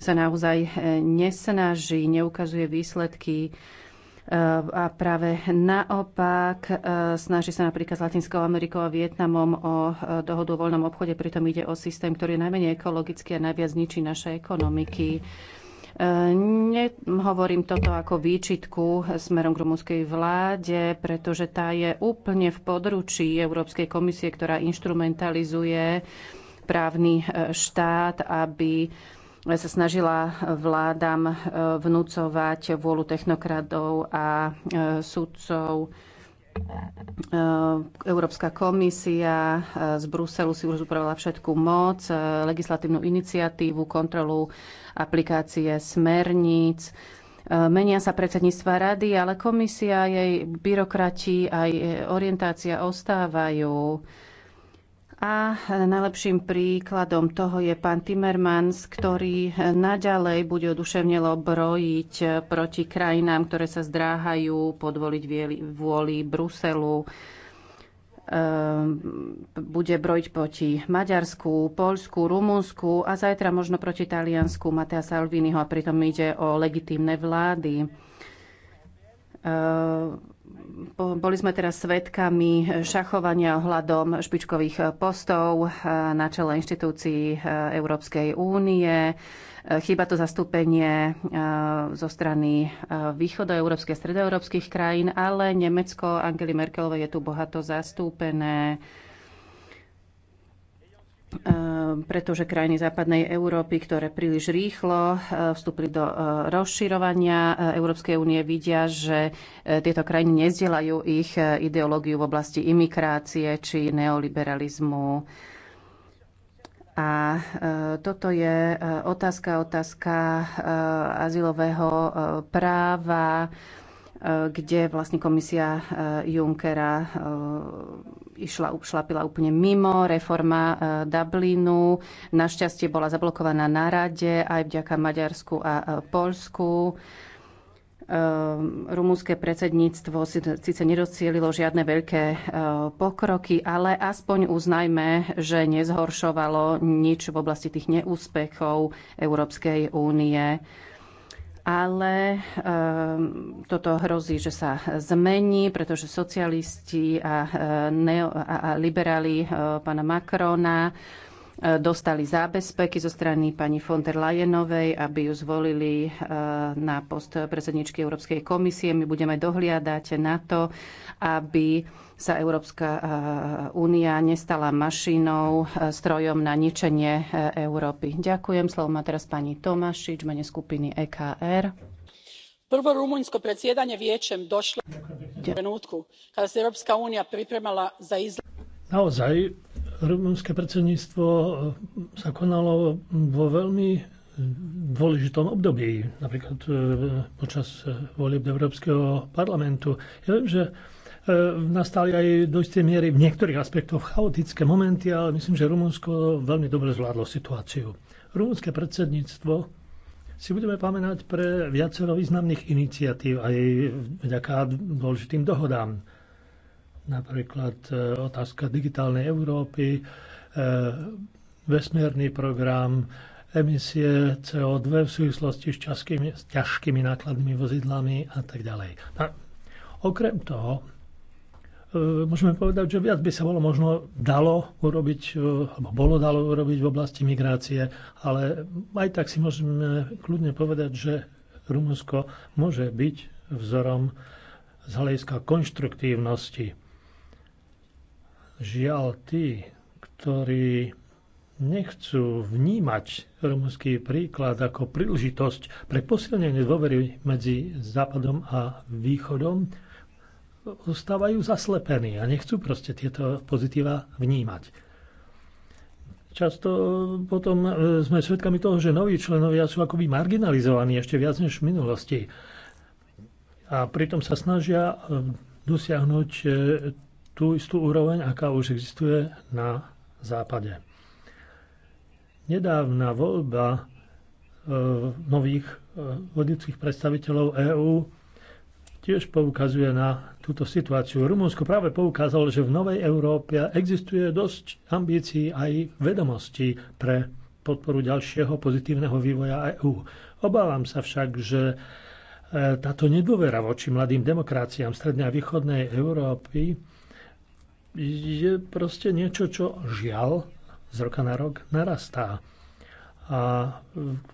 sa naozaj nesnaží, neukazuje výsledky Eh, a práve naopak eh, snaží sa napríklad s Latinskou Amerikou a Vietnamom o eh, dohodu o voľnom obchode, pritom ide o systém, ktorý je najmenej ekologický a najviac ničí naše ekonomiky. Nehovorím toto ako výčitku smerom k rumúnskej vláde, pretože tá je úplne v područí Európskej komisie, ktorá instrumentalizuje právny štát, aby sa snažila vládam e, vnúcovať vôľu technokradov a e, sudcov. E, Európska komisia z Bruselu si už upravila všetku moc, legislatívnu iniciatívu, kontrolu aplikácie smerníc. Menia sa predsedníctva rady, ale komisia, jej byrokrati aj orientácia ostávajú. A najlepším príkladom toho je pán Timmermans, ktorý naďalej bude oduševnelo brojiť proti krajinám, ktoré sa zdráhajú podvoliť vôli Bruselu. Ehm, bude brojiť proti Maďarsku, Polsku, Rumunsku a zajtra možno proti Taliansku Matea Salviniho a pritom ide o legitímne vlády ehm, boli sme teraz svedkami šachovania ohľadom špičkových postov na čele inštitúcií eh, Európskej únie. Eh, chýba to zastúpenie eh, zo strany východoeurópskych a stredoeurópskych krajín, ale Nemecko Angely Merkelovej je tu bohato zastúpené E, pretože krajiny západnej Európy, ktoré príliš rýchlo e, vstúpili do e, rozširovania Európskej únie, vidia, že tieto krajiny nezdielajú ich ideológiu v oblasti imigrácie či neoliberalizmu. A toto je otázka, otázka azylového práva, kde vlastne komisia e, Junckera e, išla, šlapila úplne mimo. Reforma e, Dublinu našťastie bola zablokovaná na rade aj vďaka Maďarsku a Polsku. Rumúnske predsedníctvo síce nedocielilo žiadne veľké pokroky, ale aspoň uznajme, že nezhoršovalo nič v oblasti tých neúspechov Európskej únie ale e, toto hrozí, že sa zmení, pretože socialisti a, e, neo, a, a liberáli e, pána Macrona e, dostali zábezpeky zo strany pani von der Leyenovej, aby ju zvolili e, na post predsedničky Európskej komisie. My budeme dohliadať na to, aby sa Európska eh, únia nestala mašinou, eh, strojom na ničenie eh, Európy. Ďakujem. Slovo má teraz pani Tomašič, mene skupiny EKR. Prvo rumunsko predsiedanie viečem došlo v trenutku kada sa Európska únia pripremala za izlazak. Naozaj, rumunské predsedníctvo sa konalo vo veľmi dôležitom období, napríklad počas volieb do Európskeho parlamentu. Ja viem, že E, nastali aj do istej miery v niektorých aspektoch chaotické momenty, ale myslím, že Rumunsko veľmi dobre zvládlo situáciu. Rumunské predsedníctvo si budeme pamätať pre viacero významných iniciatív aj vďaka dôležitým dohodám. Napríklad e, otázka digitálnej Európy, e, vesmírny program, emisie CO2 v súvislosti s, časkými, s ťažkými nákladnými vozidlami a tak ďalej. A okrem toho, E, môžeme povedať, že viac by sa bolo možno dalo urobiť, e, alebo bolo dalo urobiť v oblasti migrácie, ale aj tak si môžeme kľudne povedať, že Rumunsko môže byť vzorom z hľadiska konštruktívnosti. Žiaľ, tí, ktorí nechcú vnímať rumúnsky príklad ako príležitosť pre posilnenie dôvery medzi Západom a Východom, ostávajú zaslepení a nechcú proste tieto pozitíva vnímať. Často potom e, sme svedkami toho, že noví členovia sú akoby marginalizovaní ešte viac než v minulosti. A pritom sa snažia e, dosiahnuť e, tú istú úroveň, aká už existuje na západe. Nedávna voľba nových vodických predstaviteľov EÚ tiež poukazuje na túto situáciu. Rumunsko práve poukázalo, že v Novej Európe existuje dosť ambícií aj vedomostí pre podporu ďalšieho pozitívneho vývoja EÚ. Obávam sa však, že e, táto nedôvera voči mladým demokráciám strednej a východnej Európy je proste niečo, čo žiaľ z roka na rok narastá. A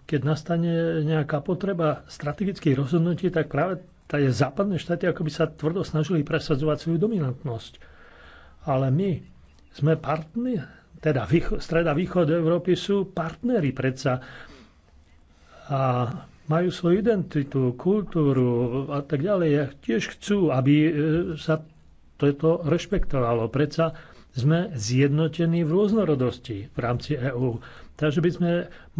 keď nastane nejaká potreba strategických rozhodnutí, tak práve tak západné štáty ako by sa tvrdo snažili presadzovať svoju dominantnosť. Ale my sme partneri, teda streda východ Európy sú partneri predsa. A majú svoju identitu, kultúru a tak ďalej. A tiež chcú, aby e, sa toto rešpektovalo. Predsa sme zjednotení v rôznorodosti v rámci EÚ. Takže by sme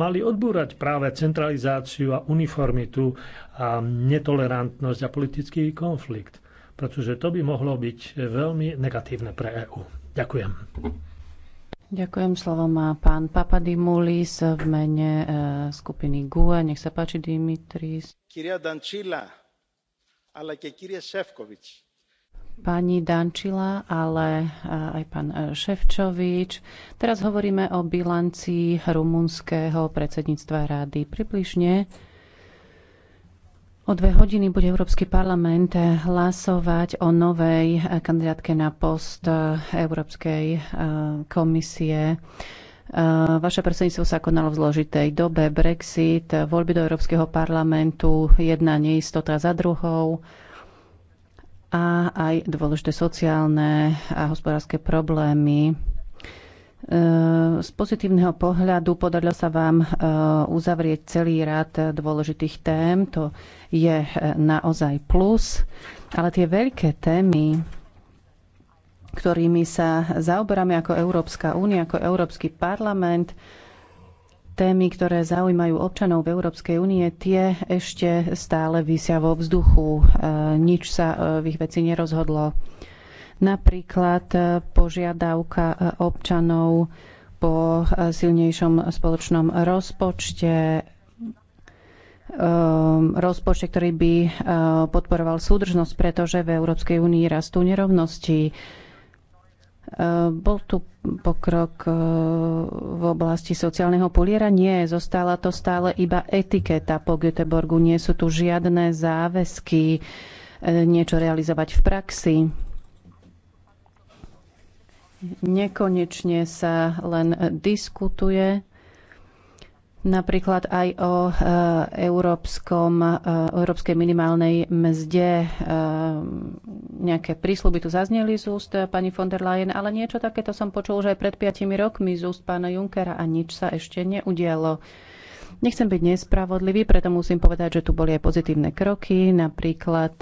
mali odbúrať práve centralizáciu a uniformitu a netolerantnosť a politický konflikt. Pretože to by mohlo byť veľmi negatívne pre EÚ. Ďakujem. Ďakujem. Slovo má pán Papadimulis v mene e, skupiny GUE. Nech sa páči, Dimitris. Kyria Dančila, ale ke kyria Šefkovič pani Dančila, ale eh, aj pán eh, Ševčovič. Teraz hovoríme o bilancii rumunského predsedníctva rady. Približne o dve hodiny bude Európsky parlament hlasovať o novej eh, kandidátke na post Európskej komisie. Vaše predsedníctvo sa konalo v zložitej dobe. Brexit, voľby do Európskeho parlamentu, jedna neistota za druhou a aj dôležité sociálne a hospodárske problémy. E, z pozitívneho pohľadu podarilo sa vám e, uzavrieť celý rad dôležitých tém. To je e, naozaj plus. Ale tie veľké témy, ktorými sa zaoberáme ako Európska únia, ako Európsky parlament, témy, ktoré zaujímajú občanov v Európskej únie, tie ešte stále vysia vo vzduchu. E, nič sa e, v ich veci nerozhodlo. Napríklad e, požiadavka občanov po silnejšom spoločnom rozpočte, ehm, rozpočte, ktorý by podporoval súdržnosť, pretože v Európskej únii rastú nerovnosti Eh, bol tu pokrok eh, v oblasti sociálneho poliera? Nie, Zostala to stále iba etiketa po Göteborgu. Nie sú tu žiadne záväzky eh, niečo realizovať v praxi. Nekonečne sa len diskutuje napríklad aj o e, európskom, e, európskej minimálnej mzde. E, nejaké prísluby tu zazneli z úst pani von der Leyen, ale niečo takéto som počul už aj pred piatimi rokmi z úst pána Junckera a nič sa ešte neudialo. Nechcem byť nespravodlivý, preto musím povedať, že tu boli aj pozitívne kroky, napríklad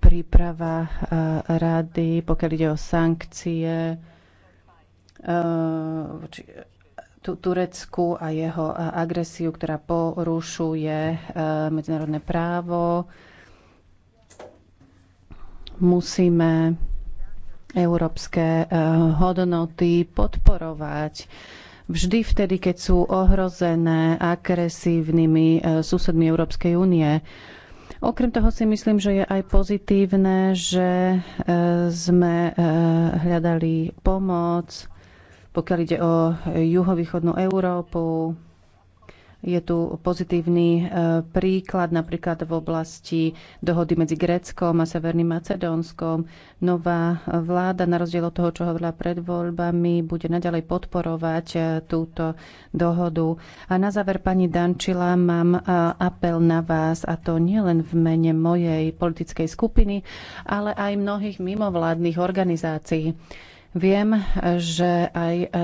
príprava rady, pokiaľ ide o sankcie Turecku a jeho agresiu, ktorá porušuje e, medzinárodné právo. Musíme európske e, hodnoty podporovať vždy vtedy, keď sú ohrozené agresívnymi e, susedmi Európskej únie. Okrem toho si myslím, že je aj pozitívne, že sme hľadali pomoc pokiaľ ide o juhovýchodnú Európu, je tu pozitívny e, príklad napríklad v oblasti dohody medzi Gréckom a Severným Macedónskom. Nová vláda, na rozdiel od toho, čo hovorila pred voľbami, bude naďalej podporovať e, túto dohodu. A na záver, pani Dančila, mám e, apel na vás, a to nielen v mene mojej politickej skupiny, ale aj mnohých mimovládnych organizácií. Viem, že aj e, e,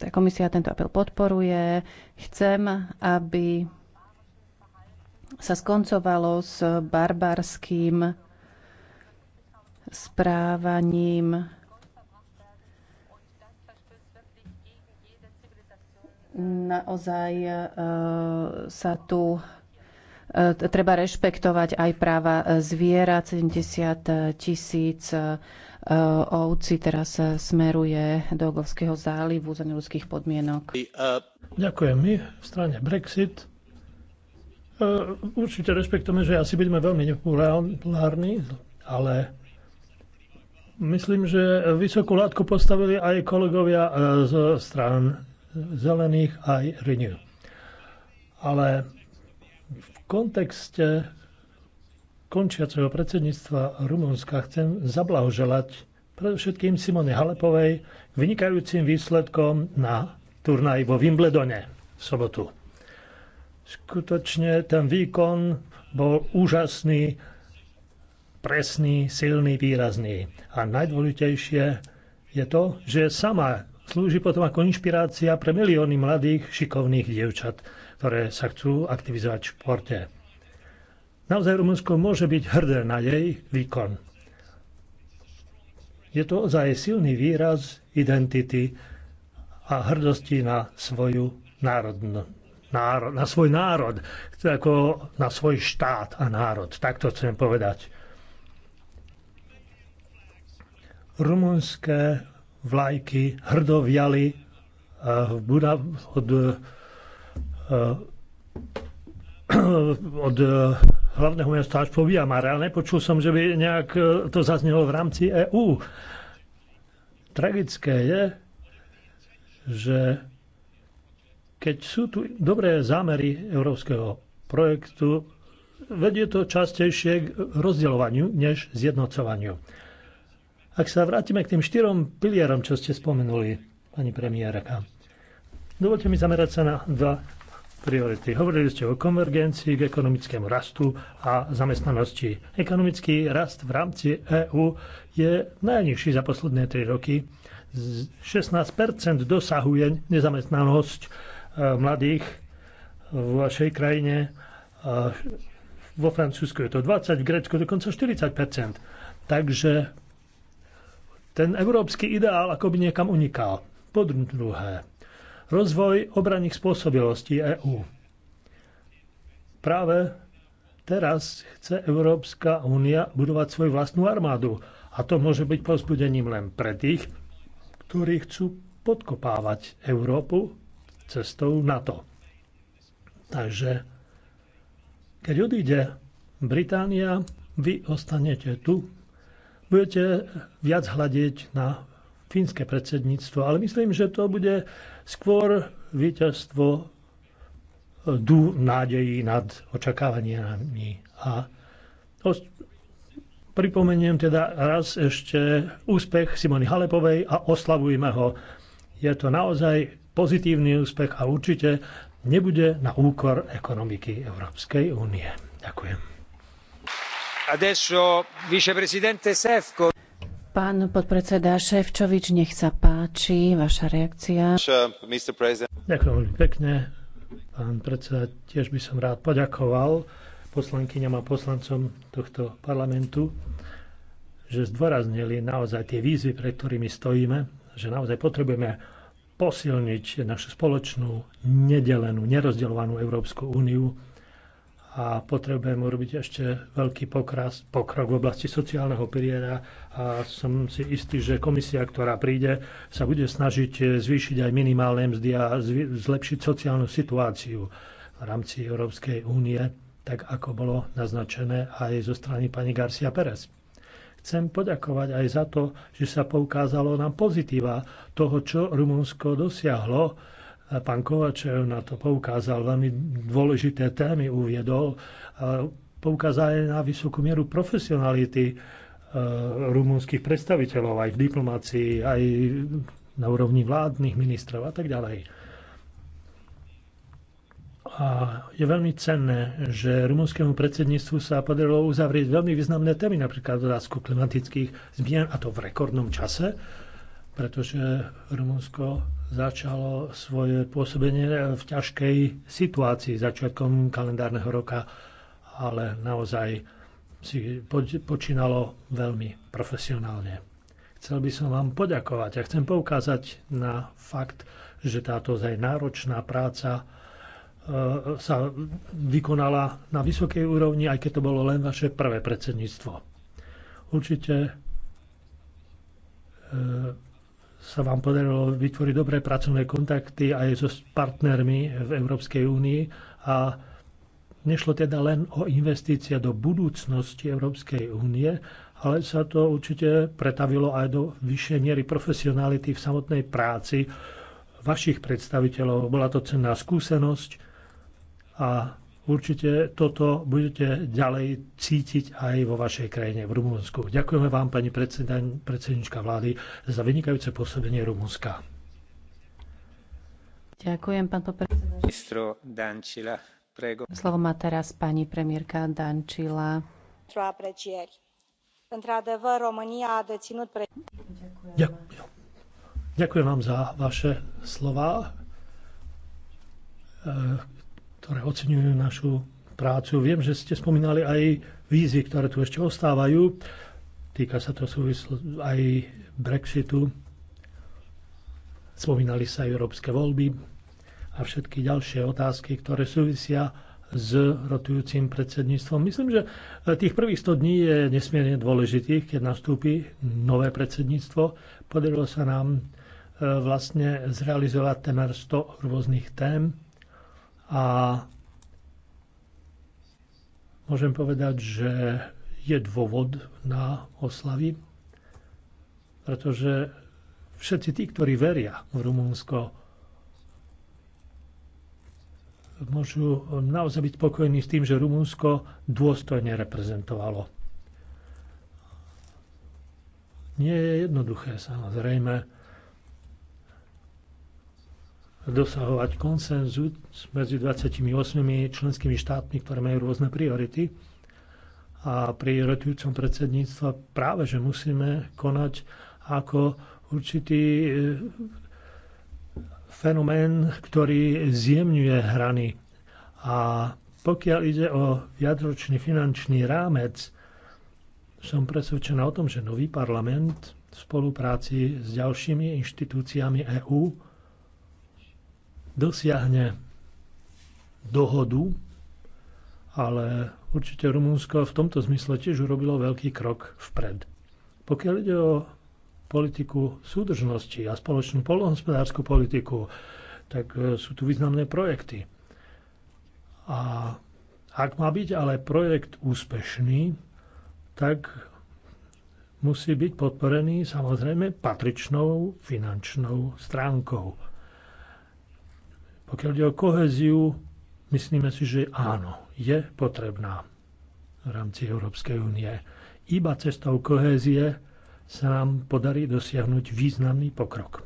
tá komisia tento apel podporuje. Chcem, aby sa skoncovalo s barbarským správaním naozaj e, sa tu treba rešpektovať aj práva zvierat, 70 tisíc Eh, ovci teraz eh, smeruje do Ogovského zálivu za ľudských podmienok. Ďakujem. My v strane Brexit eh, určite rešpektujeme, že asi budeme veľmi nepopulárni, ale myslím, že vysokú látku postavili aj kolegovia z stran zelených aj Renew. Ale v kontexte končiaceho predsedníctva Rumunska chcem zablahoželať predovšetkým Simone Halepovej k vynikajúcim výsledkom na turnaj vo Wimbledone v sobotu. Skutočne ten výkon bol úžasný, presný, silný, výrazný. A najdôležitejšie je to, že sama slúži potom ako inšpirácia pre milióny mladých šikovných dievčat, ktoré sa chcú aktivizovať v športe. Naozaj Rumunsko môže byť hrdé na jej výkon. Je to ozaj silný výraz identity a hrdosti na svoju národ, národ, na svoj národ, ako na svoj štát a národ. Tak to chcem povedať. Rumunské vlajky hrdoviali eh, v Buda, od, eh, eh, od, od hlavného mesta až po Viamare, ale nepočul som, že by nejak e, to zaznelo v rámci EÚ. Tragické je, že keď sú tu dobré zámery európskeho projektu, vedie to častejšie k rozdeľovaniu než zjednocovaniu. Ak sa vrátime k tým štyrom pilierom, čo ste spomenuli, pani premiérka, dovolte mi zamerať sa na dva priority. Hovorili ste o konvergencii k ekonomickému rastu a zamestnanosti. Ekonomický rast v rámci EÚ je najnižší za posledné 3 roky. 16 dosahuje nezamestnanosť e, mladých v vašej krajine. Vo Francúzsku je to 20, v Grécku dokonca 40 Takže ten európsky ideál akoby niekam unikal. Po druhé, rozvoj obranných spôsobilostí EÚ. Práve teraz chce Európska únia budovať svoju vlastnú armádu a to môže byť pozbudením len pre tých, ktorí chcú podkopávať Európu cestou NATO. Takže keď odíde Británia, vy ostanete tu. Budete viac hľadiť na fínske predsedníctvo, ale myslím, že to bude Skôr víťazstvo e, dú nádejí nad očakávaniami. A pripomeniem teda raz ešte úspech Simony Halepovej a oslavujme ho. Je to naozaj pozitívny úspech a určite nebude na úkor ekonomiky Európskej únie. Ďakujem. Adesso viceprezidente Sefko. Pán podpredseda Ševčovič, nech sa páči, vaša reakcia. Ďakujem veľmi pekne. Pán predseda, tiež by som rád poďakoval poslankyňam a poslancom tohto parlamentu, že zdôraznili naozaj tie výzvy, pre ktorými stojíme, že naozaj potrebujeme posilniť našu spoločnú, nedelenú, nerozdeľovanú Európsku úniu, a potrebujem urobiť ešte veľký pokras, pokrok v oblasti sociálneho piliera a som si istý, že komisia, ktorá príde, sa bude snažiť zvýšiť aj minimálne mzdy a zlepšiť sociálnu situáciu v rámci Európskej únie, tak ako bolo naznačené aj zo strany pani Garcia Perez. Chcem poďakovať aj za to, že sa poukázalo na pozitíva toho, čo Rumunsko dosiahlo Pán Kovačev na to poukázal, veľmi dôležité témy uviedol a poukázal aj na vysokú mieru profesionality e, rumúnskych predstaviteľov aj v diplomácii, aj na úrovni vládnych ministrov a tak ďalej. A je veľmi cenné, že rumúnskému predsedníctvu sa podarilo uzavrieť veľmi významné témy, napríklad otázku klimatických zmien, a to v rekordnom čase, pretože Rumunsko začalo svoje pôsobenie v ťažkej situácii začiatkom kalendárneho roka, ale naozaj si počínalo veľmi profesionálne. Chcel by som vám poďakovať a chcem poukázať na fakt, že táto zaj náročná práca e, sa vykonala na vysokej úrovni, aj keď to bolo len vaše prvé predsedníctvo. Určite e, sa vám podarilo vytvoriť dobré pracovné kontakty aj so partnermi v Európskej únii a nešlo teda len o investícia do budúcnosti Európskej únie, ale sa to určite pretavilo aj do vyššej miery profesionality v samotnej práci vašich predstaviteľov. Bola to cenná skúsenosť a Určite toto budete ďalej cítiť aj vo vašej krajine, v Rumunsku. Ďakujeme vám, pani predsednička vlády, za vynikajúce pôsobenie Rumunska. Ďakujem, pán podpredseda. Slovo má teraz pani premiérka Dančila. Ďakujem. Ďakujem vám za vaše slova e, ktoré oceňujú našu prácu. Viem, že ste spomínali aj vízy, ktoré tu ešte ostávajú. Týka sa to súvislo aj Brexitu. Spomínali sa aj európske voľby a všetky ďalšie otázky, ktoré súvisia s rotujúcim predsedníctvom. Myslím, že e, tých prvých 100 dní je nesmierne dôležitých, keď nastúpi nové predsedníctvo. Podarilo sa nám e, vlastne zrealizovať temer 100 rôznych tém a môžem povedať, že je dôvod na oslavy, pretože všetci tí, ktorí veria v Rumunsko, môžu naozaj byť spokojní s tým, že Rumunsko dôstojne reprezentovalo. Nie je jednoduché, samozrejme, dosahovať konsenzus medzi 28 členskými štátmi, ktoré majú rôzne priority. A pri rotujúcom predsedníctva práve, že musíme konať ako určitý e, fenomén, ktorý zjemňuje hrany. A pokiaľ ide o viadročný finančný rámec, som presvedčená o tom, že nový parlament v spolupráci s ďalšími inštitúciami EÚ dosiahne dohodu, ale určite Rumunsko v tomto zmysle tiež urobilo veľký krok vpred. Pokiaľ ide o politiku súdržnosti a spoločnú polnohospodárskú politiku, tak e, sú tu významné projekty. A ak má byť ale projekt úspešný, tak musí byť podporený samozrejme patričnou finančnou stránkou. Pokiaľ ide o koheziu, myslíme si, že áno, je potrebná v rámci Európskej únie. Iba cestou kohézie sa nám podarí dosiahnuť významný pokrok.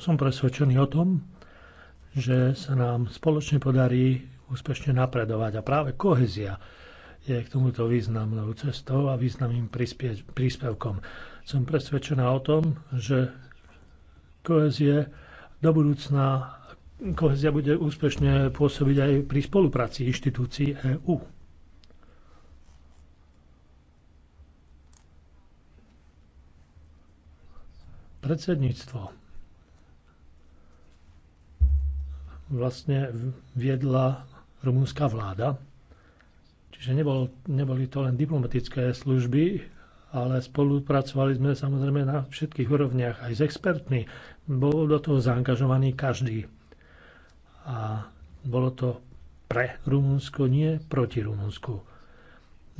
Som presvedčený o tom, že sa nám spoločne podarí úspešne napredovať a práve kohezia je k tomuto významnou cestou a významným príspevkom. Som presvedčená o tom, že kohezie do budúcna kohezia bude úspešne pôsobiť aj pri spolupráci inštitúcií EÚ. Predsedníctvo vlastne viedla rumúnska vláda. Čiže nebol, neboli to len diplomatické služby ale spolupracovali sme samozrejme na všetkých úrovniach, aj s expertmi. Bol do toho zaangažovaný každý. A bolo to pre Rumunsko, nie proti Rumunsku.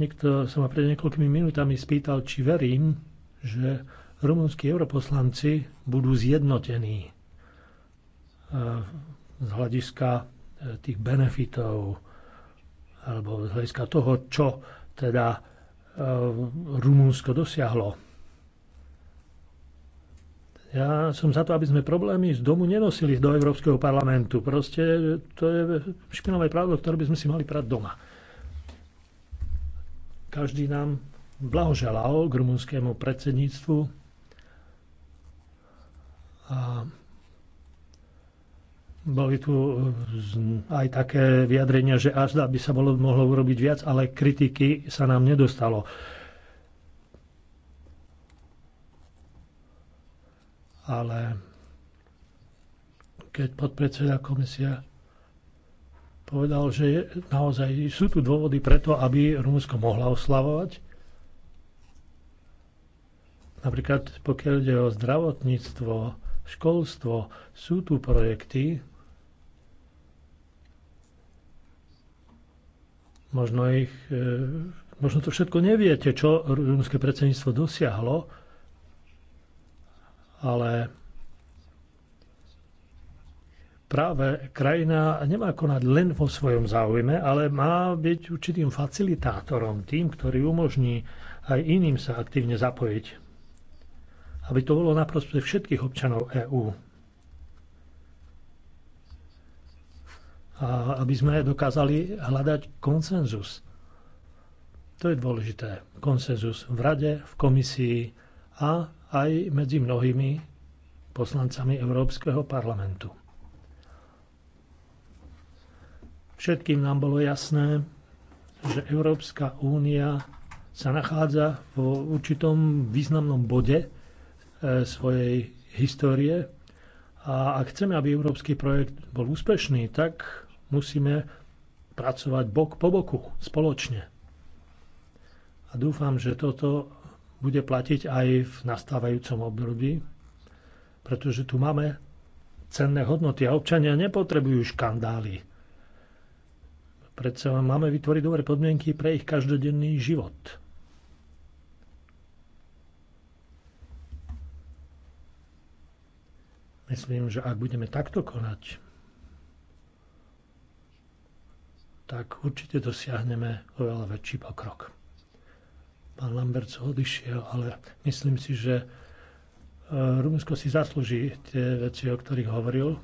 Niekto sa ma pred niekoľkými minútami spýtal, či verím, že rumunskí europoslanci budú zjednotení e, z hľadiska e, tých benefitov alebo z hľadiska toho, čo teda Eh, Rumúnsko dosiahlo. Ja som za to, aby sme problémy z domu nenosili do Európskeho parlamentu. Proste to je špinové pravidlo, ktoré by sme si mali prať doma. Každý nám blahoželal k rumunskému predsedníctvu a boli tu eh, aj také vyjadrenia, že až by sa bolo, mohlo urobiť viac, ale kritiky sa nám nedostalo. Ale keď podpredseda komisia povedal, že naozaj sú tu dôvody preto, aby Rumunsko mohla oslavovať. Napríklad pokiaľ ide o zdravotníctvo, školstvo, sú tu projekty, Možno, ich, e, možno to všetko neviete, čo rumské predsedníctvo dosiahlo, ale práve krajina nemá konať len vo svojom záujme, ale má byť určitým facilitátorom, tým, ktorý umožní aj iným sa aktívne zapojiť. Aby to bolo naprosto všetkých občanov EÚ. a aby sme dokázali hľadať konsenzus. To je dôležité. Konsenzus v rade, v komisii a aj medzi mnohými poslancami Európskeho parlamentu. Všetkým nám bolo jasné, že Európska únia sa nachádza vo určitom významnom bode e, svojej histórie a ak chceme, aby európsky projekt bol úspešný, tak musíme pracovať bok po boku, spoločne. A dúfam, že toto bude platiť aj v nastávajúcom období, pretože tu máme cenné hodnoty a občania nepotrebujú škandály. Predsa máme vytvoriť dobré podmienky pre ich každodenný život. Myslím, že ak budeme takto konať, tak určite dosiahneme oveľa väčší pokrok. Pán Lambert odišiel, ale myslím si, že e, Rumunsko si zaslúži tie veci, o ktorých hovoril,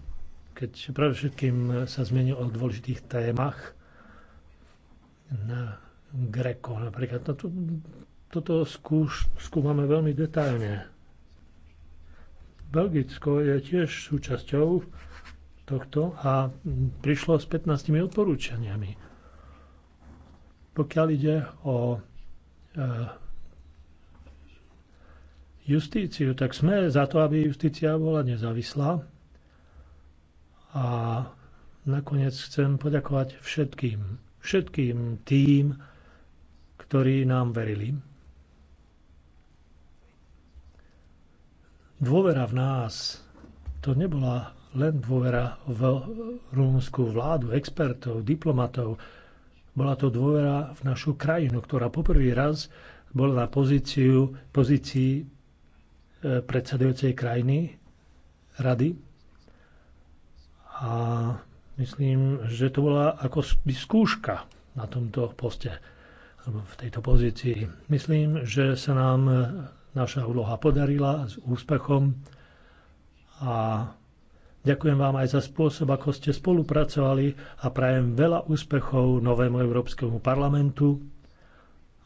keď práve všetkým sa zmenil o dôležitých témach na Greko napríklad. No to, toto skúš, skúmame veľmi detailne. Belgicko je tiež súčasťou tohto a mm, prišlo s 15 odporúčaniami. Pokiaľ ide o e, justíciu, tak sme za to, aby justícia bola nezávislá. A nakoniec chcem poďakovať všetkým, všetkým tým, ktorí nám verili. Dôvera v nás to nebola len dôvera v rumúnsku vládu, expertov, diplomatov. Bola to dôvera v našu krajinu, ktorá poprvý raz bola na pozíciu, pozícii e, predsedujúcej krajiny rady. A myslím, že to bola ako skúška na tomto poste, alebo v tejto pozícii. Myslím, že sa nám naša úloha podarila s úspechom a Ďakujem vám aj za spôsob, ako ste spolupracovali a prajem veľa úspechov novému Európskemu parlamentu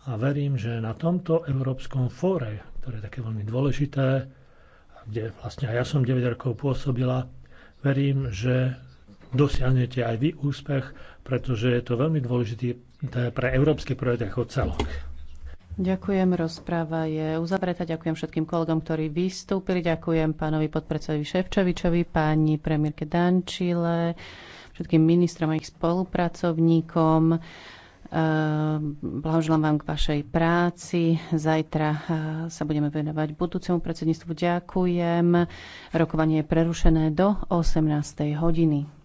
a verím, že na tomto Európskom fóre, ktoré je také veľmi dôležité, kde vlastne aj ja som 9 rokov pôsobila, verím, že dosiahnete aj vy úspech, pretože je to veľmi dôležité pre európsky projekt ako celok. Ďakujem, rozpráva je uzavretá. Ďakujem všetkým kolegom, ktorí vystúpili. Ďakujem pánovi podpredsedovi Ševčovičovi, pani premiérke Dančile, všetkým ministrom a ich spolupracovníkom. E, blahoželám vám k vašej práci. Zajtra e, sa budeme venovať budúcemu predsedníctvu. Ďakujem. Rokovanie je prerušené do 18. hodiny.